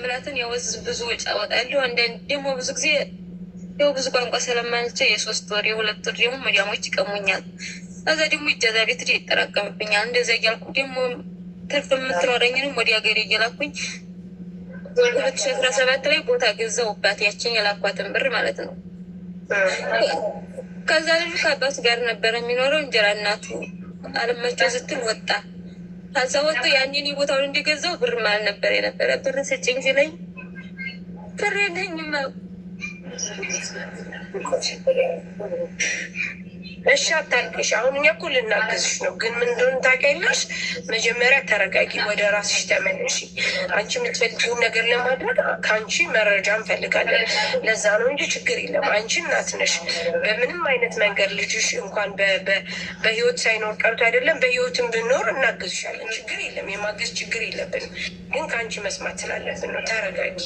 የምላትን የወዝ ብዙ ወጪ አወጣለሁ። አንዳንድ ደግሞ ብዙ ጊዜ ያው ብዙ ቋንቋ ስለማልችል የሶስት ወር የሁለት ወር ደግሞ መዳሞች ይቀሙኛል። እዛ ደግሞ እጃዛ ቤት ይጠራቀምብኛል። እንደዚያ እያልኩ ደግሞ ትርፍ የምትኖረኝንም ወደ ሀገሬ እየላኩኝ ሁለት ሺ አስራ ሰባት ላይ ቦታ ገዛሁባት ያችን የላኳትን ብር ማለት ነው። ከዛ ልጅ ከአባቱ ጋር ነበረ የሚኖረው እንጀራ እናቱ አለመቸው ስትል ወጣ ከዛ ወጥቶ ያንን ቦታውን እንዲገዛው ብር ማል ነበር የነበረ ብር ስጭኝ ሲለኝ ብር የለኝም እሺ አታልቅሽ። አሁን እኛ እኮ ልናገዝሽ ነው፣ ግን ምን እንደሆነ ታውቂያለሽ? መጀመሪያ ተረጋጊ፣ ወደ ራስሽ ተመለሽ። አንቺ የምትፈልጊውን ነገር ለማድረግ ከአንቺ መረጃ እንፈልጋለን። ለዛ ነው እንጂ ችግር የለም። አንቺ እናት ነሽ። በምንም አይነት መንገድ ልጅሽ እንኳን በህይወት ሳይኖር ቀርቶ አይደለም፣ በህይወትም ብኖር እናግዝሻለን። ችግር የለም፣ የማገዝ ችግር የለብንም። ግን ከአንቺ መስማት ስላለብን ነው። ተረጋጊ።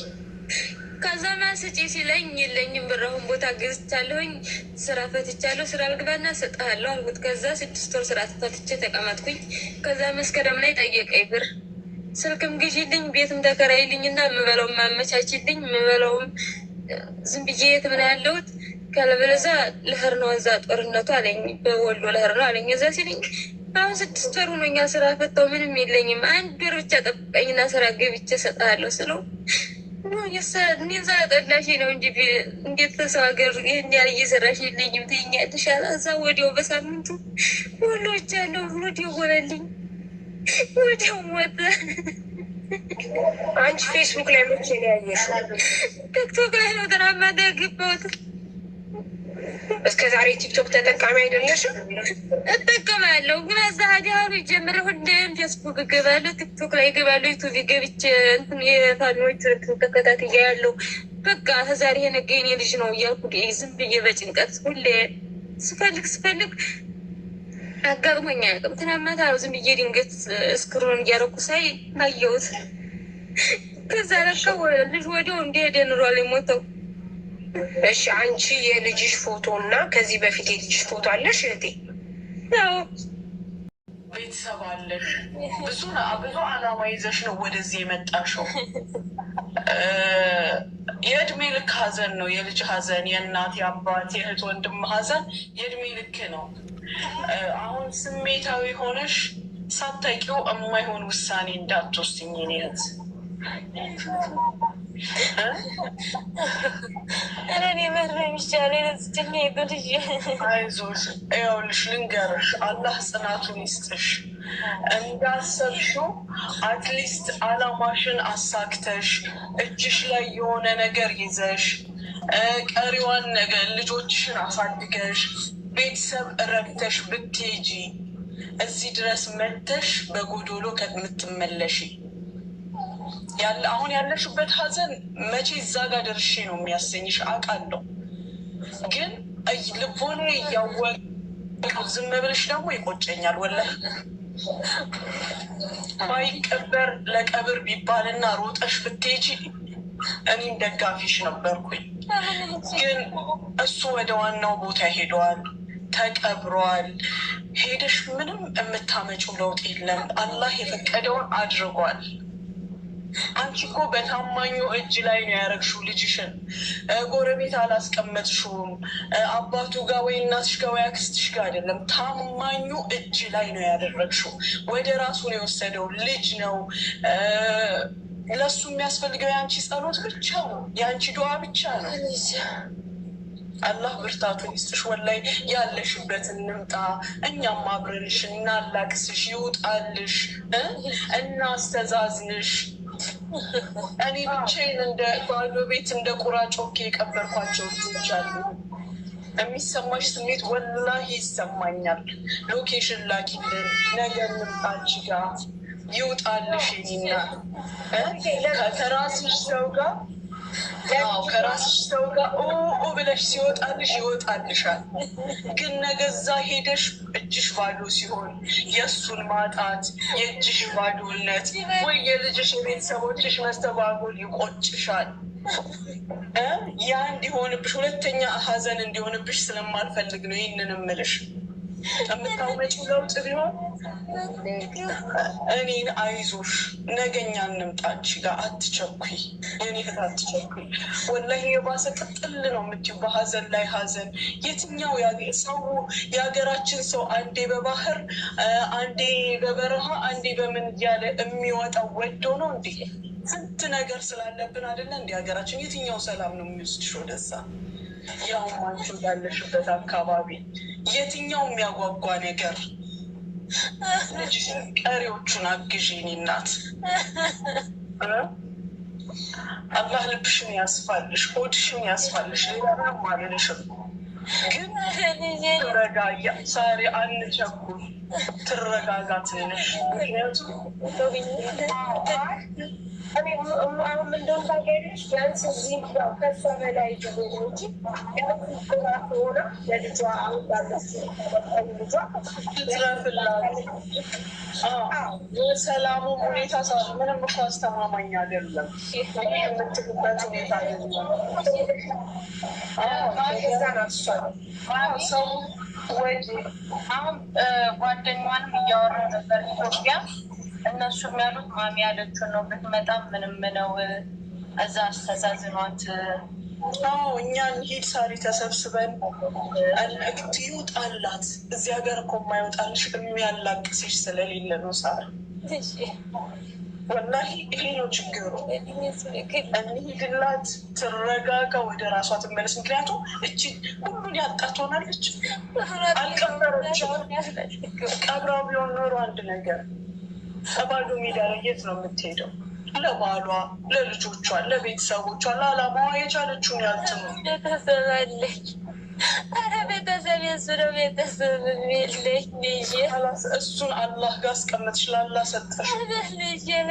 ከዛና ስጪ ሲለኝ የለኝም ብራሁን ቦታ ገዝቻለሁኝ ስራ ፈትቻለሁ ስራ ልግባና ሰጠሃለሁ አልኩት። ከዛ ስድስት ወር ስራ ተፈትቼ ተቀመጥኩኝ። ከዛ መስከረም ላይ ጠየቀኝ ብር ስልክም ግዢልኝ ቤትም ተከራይልኝ እና የምበላውም አመቻችልኝ የምበላውም ዝም ብዬ የት ምን ያለሁት ካለበለዛ ለህር ነው እዛ ጦርነቱ አለኝ። በወሎ ለህር ነው አለኝ። እዛ ሲልኝ አሁን ስድስት ወር ሆኖኛል ስራ ፈታው ምንም የለኝም። አንድ ወር ብቻ ጠብቀኝና ስራ ገብቼ ሰጠሃለሁ ስለው እኔን ስለጠላሽ ነው እንጂ እንዴት ተሰው ሀገር ይህን ያህል እየሰራሽ የለኝም ትይኛለሽ። እዛ ወዲያው በሳምንቱ ወሎች ያለው ወዲያው ሆነልኝ፣ ወዲያው ሞተ። አንቺ ፌስቡክ ላይ መቼ ነው ያየሽው? ቲክቶክ ላይ ነው ገና ማታ እስከ ዛሬ ቲክቶክ ተጠቃሚ አይደለሽም? እጠቀማለሁ፣ ግን እዛ ሀዲያ ጀምረ ሁሌም ፌስቡክ እገባለሁ፣ ቲክቶክ ላይ እገባለሁ፣ ዩቱብ ገብቼ እንትን የፋኖች ተከታትያ ያለው በቃ ከዛሬ የነገ የኔ ልጅ ነው እያልኩ ዝም ብዬ በጭንቀት ሁሌ ስፈልግ ስፈልግ አጋጥሞኝ አያውቅም። ትናንት ነው ዝም ብዬ ድንገት እስክሩን እያረኩ ሳይ አየሁት። ከዛ ለካ ልጅ ወዲያው እንደሄደ ኑሯል የሞተው እሺ አንቺ የልጅሽ ፎቶ እና ከዚህ በፊት የልጅሽ ፎቶ አለሽ እህቴ? ቤተሰብ አለሽ። ብዙ ብዙ አላማ ይዘሽ ነው ወደዚህ የመጣሽው። የእድሜ ልክ ሀዘን ነው የልጅ ሀዘን፣ የእናት የአባት የእህት ወንድም ሀዘን የእድሜ ልክ ነው። አሁን ስሜታዊ ሆነሽ ሳታውቂው የማይሆን ውሳኔ እንዳትወስኝ ኔት እኔ መረም ይሻለኝ ነስችኝ ብልሽ አይዞሽ፣ ይኸውልሽ ልንገርሽ፣ አላህ ጽናቱን ይስጥሽ። እንዳሰብሽው አትሊስት አላማሽን አሳክተሽ እጅሽ ላይ የሆነ ነገር ይዘሽ ቀሪዋን ነገር ልጆችሽን አሳድገሽ ቤተሰብ ረድተሽ ብትሄጂ እዚህ ድረስ መተሽ በጎዶሎ ከምትመለሽ አሁን ያለሽበት ሀዘን መቼ እዛ ጋር ደርሼ ነው የሚያሰኝሽ አውቃለሁ። ግን ልቦኔ እያወቀ ዝም ብልሽ ደግሞ ይቆጨኛል። ወላሂ ባይቀበር ለቀብር ቢባልና ሮጠሽ ብትሄጂ እኔም ደጋፊሽ ነበርኩኝ። ግን እሱ ወደ ዋናው ቦታ ሄደዋል፣ ተቀብረዋል። ሄደሽ ምንም የምታመጪው ለውጥ የለም። አላህ የፈቀደውን አድርጓል። አንቺ እኮ በታማኙ እጅ ላይ ነው ያደረግሽው ልጅሽን። ጎረቤት አላስቀመጥሽውም፣ አባቱ ጋር ወይ እናትሽ ጋር ወይ አክስትሽ ጋር አይደለም፣ ታማኙ እጅ ላይ ነው ያደረግሽው። ወደ ራሱ ነው የወሰደው። ልጅ ነው ለሱ የሚያስፈልገው የአንቺ ጸሎት ብቻ ነው፣ የአንቺ ድዋ ብቻ ነው። አላህ ብርታቱን ይስጥሽ። ወላይ ያለሽበት እንምጣ። እኛም አብረንሽ እናላቅስሽ፣ ይውጣልሽ፣ እናስተዛዝንሽ እኔ ብቻዬን እንደ ባዶ ቤት እንደ ቁራ ጮኬ የቀበርኳቸው ልጆች አሉ። የሚሰማሽ ስሜት ወላሂ ይሰማኛል። ሎኬሽን ላኪልን ነገ ምጣች ጋር ይውጣልሽ ና ከተራስሽ ሰው ጋር ነው። ከራስሽ ሰው ጋር ኦ ብለሽ ሲወጣልሽ ይወጣልሻል። ግን ነገዛ ሄደሽ እጅሽ ባዶ ሲሆን የእሱን ማጣት የእጅሽ ባዶነት ወይ የልጅሽ የቤተሰቦችሽ መስተጓጎል ይቆጭሻል። ያ እንዲሆንብሽ ሁለተኛ ሀዘን እንዲሆንብሽ ስለማልፈልግ ነው ይህንን እምልሽ። የምታመጪው ለውጥ ቢሆን እኔን አይዞሽ፣ ነገኛ እንምጣ፣ አንቺ ጋር አትቸኩይ፣ የኔ ፍት አትቸኩይ። ወላሂ የባሰ ቅጥል ነው የምትይው፣ በሀዘን ላይ ሀዘን። የትኛው ሰው የሀገራችን ሰው አንዴ በባህር አንዴ በበረሃ አንዴ በምን እያለ የሚወጣው ወዶ ነው እንዴ? ስንት ነገር ስላለብን አይደለ እንዲ ሀገራችን። የትኛው ሰላም ነው የሚወስድሽ ወደዛ? ያው አንቺ ያለሽበት አካባቢ የትኛው የሚያጓጓ ነገር ቀሪዎቹን አግዢ የኔ እናት። አላህ ልብሽን ያስፋልሽ፣ ሆድሽን ያስፋልሽ። ሌላም አልልሽም፣ ግን ትረጋያ ሳሪ፣ አንቸኩል፣ ትረጋጋ ትንሽ ምክንያቱም የሰላሙ ሁኔታ ምንም እኮ አስተማማኝ አይደለም። የምትሉበት ሁኔታ አሁን ጓደኛዋንም እያወራ ነበር ኢትዮጵያ እነሱም ያሉት ማሚ ያለችው ነው። ብትመጣም ምንም ነው እዛ አስተዛዝኗት አዎ እኛ እንሂድ ሳሪ ተሰብስበን አላግት ይውጣላት። እዚህ ሀገር እኮ የማይወጣልሽ የሚያላቅስሽ ስለሌለ ነው። ሳር ወላሂ ይሄ ነው ችግሩ። እንሂድላት፣ ትረጋጋ፣ ወደ ራሷ ትመለስ። ምክንያቱም እቺ ሁሉን ያጣት ሆናለች። አልቀበረች ቀብራ ቢሆን ኖሮ አንድ ነገር ሰባዶ ሜዳ ላይ የት ነው የምትሄደው? ለባሏ፣ ለልጆቿ፣ ለቤተሰቦቿ፣ ለአላማዋ የቻለችውን ያልትም ቤተሰባለች። አረ ቤተሰብ የሱ ነው ቤተሰብ የሚለኝ ልጄ እሱን አላህ ጋር አስቀምጥሽ፣ ላላህ ሰጠሽ፣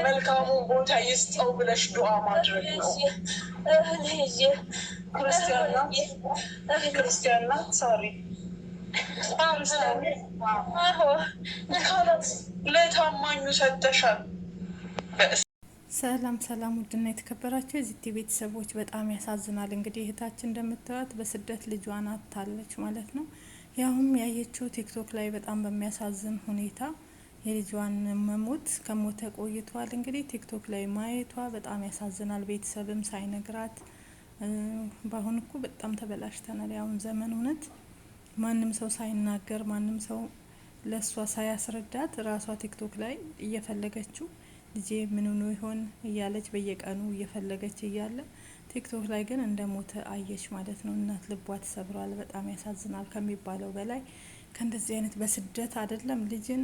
መልካሙን ቦታ ይስጠው ብለሽ ዱዓ ማድረግ ነው። ክርስቲያን ናት፣ ክርስቲያን ናት። ሳሪ አንቺ ለታማኙ ሰጠሻል። ሰላም ሰላም፣ ውድና የተከበራቸው የዚቲ ቤተሰቦች በጣም ያሳዝናል። እንግዲህ እህታችን እንደምታዩት በስደት ልጇን አታለች ማለት ነው። ያሁም ያየችው ቲክቶክ ላይ በጣም በሚያሳዝን ሁኔታ የልጇን መሞት ከሞተ ቆይቷል። እንግዲህ ቲክቶክ ላይ ማየቷ በጣም ያሳዝናል። ቤተሰብም ሳይነግራት በአሁን እኮ በጣም ተበላሽተናል። ያሁን ዘመን እውነት ማንም ሰው ሳይናገር ማንም ሰው ለእሷ ሳያስረዳት ራሷ ቲክቶክ ላይ እየፈለገችው ልጄ ምን ሆኖ ይሆን እያለች በየቀኑ እየፈለገች እያለ ቲክቶክ ላይ ግን እንደ ሞተ አየች ማለት ነው። እናት ልቧ ተሰብሯል። በጣም ያሳዝናል ከሚባለው በላይ ከእንደዚህ አይነት በስደት አይደለም ልጅን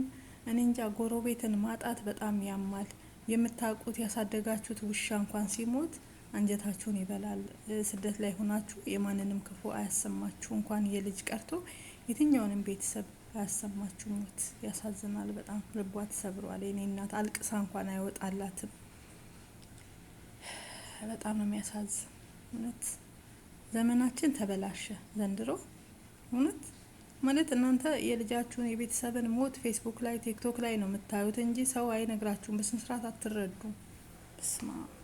እኔ እንጃ ጎረቤትን ማጣት በጣም ያማል። የምታውቁት ያሳደጋችሁት ውሻ እንኳን ሲሞት አንጀታችሁን ይበላል። ስደት ላይ ሆናችሁ የማንንም ክፉ አያሰማችሁ፣ እንኳን የልጅ ቀርቶ የትኛውንም ቤተሰብ አያሰማችሁ። ሞት ያሳዝናል። በጣም ልቧ ተሰብሯል። የኔ እናት አልቅሳ እንኳን አይወጣላትም። በጣም ነው የሚያሳዝን። እውነት ዘመናችን ተበላሸ ዘንድሮ እውነት ማለት እናንተ የልጃችሁን የቤተሰብን ሞት ፌስቡክ ላይ ቲክቶክ ላይ ነው የምታዩት እንጂ ሰው አይነግራችሁም። በስነ ስርዓት አትረዱም። ስማ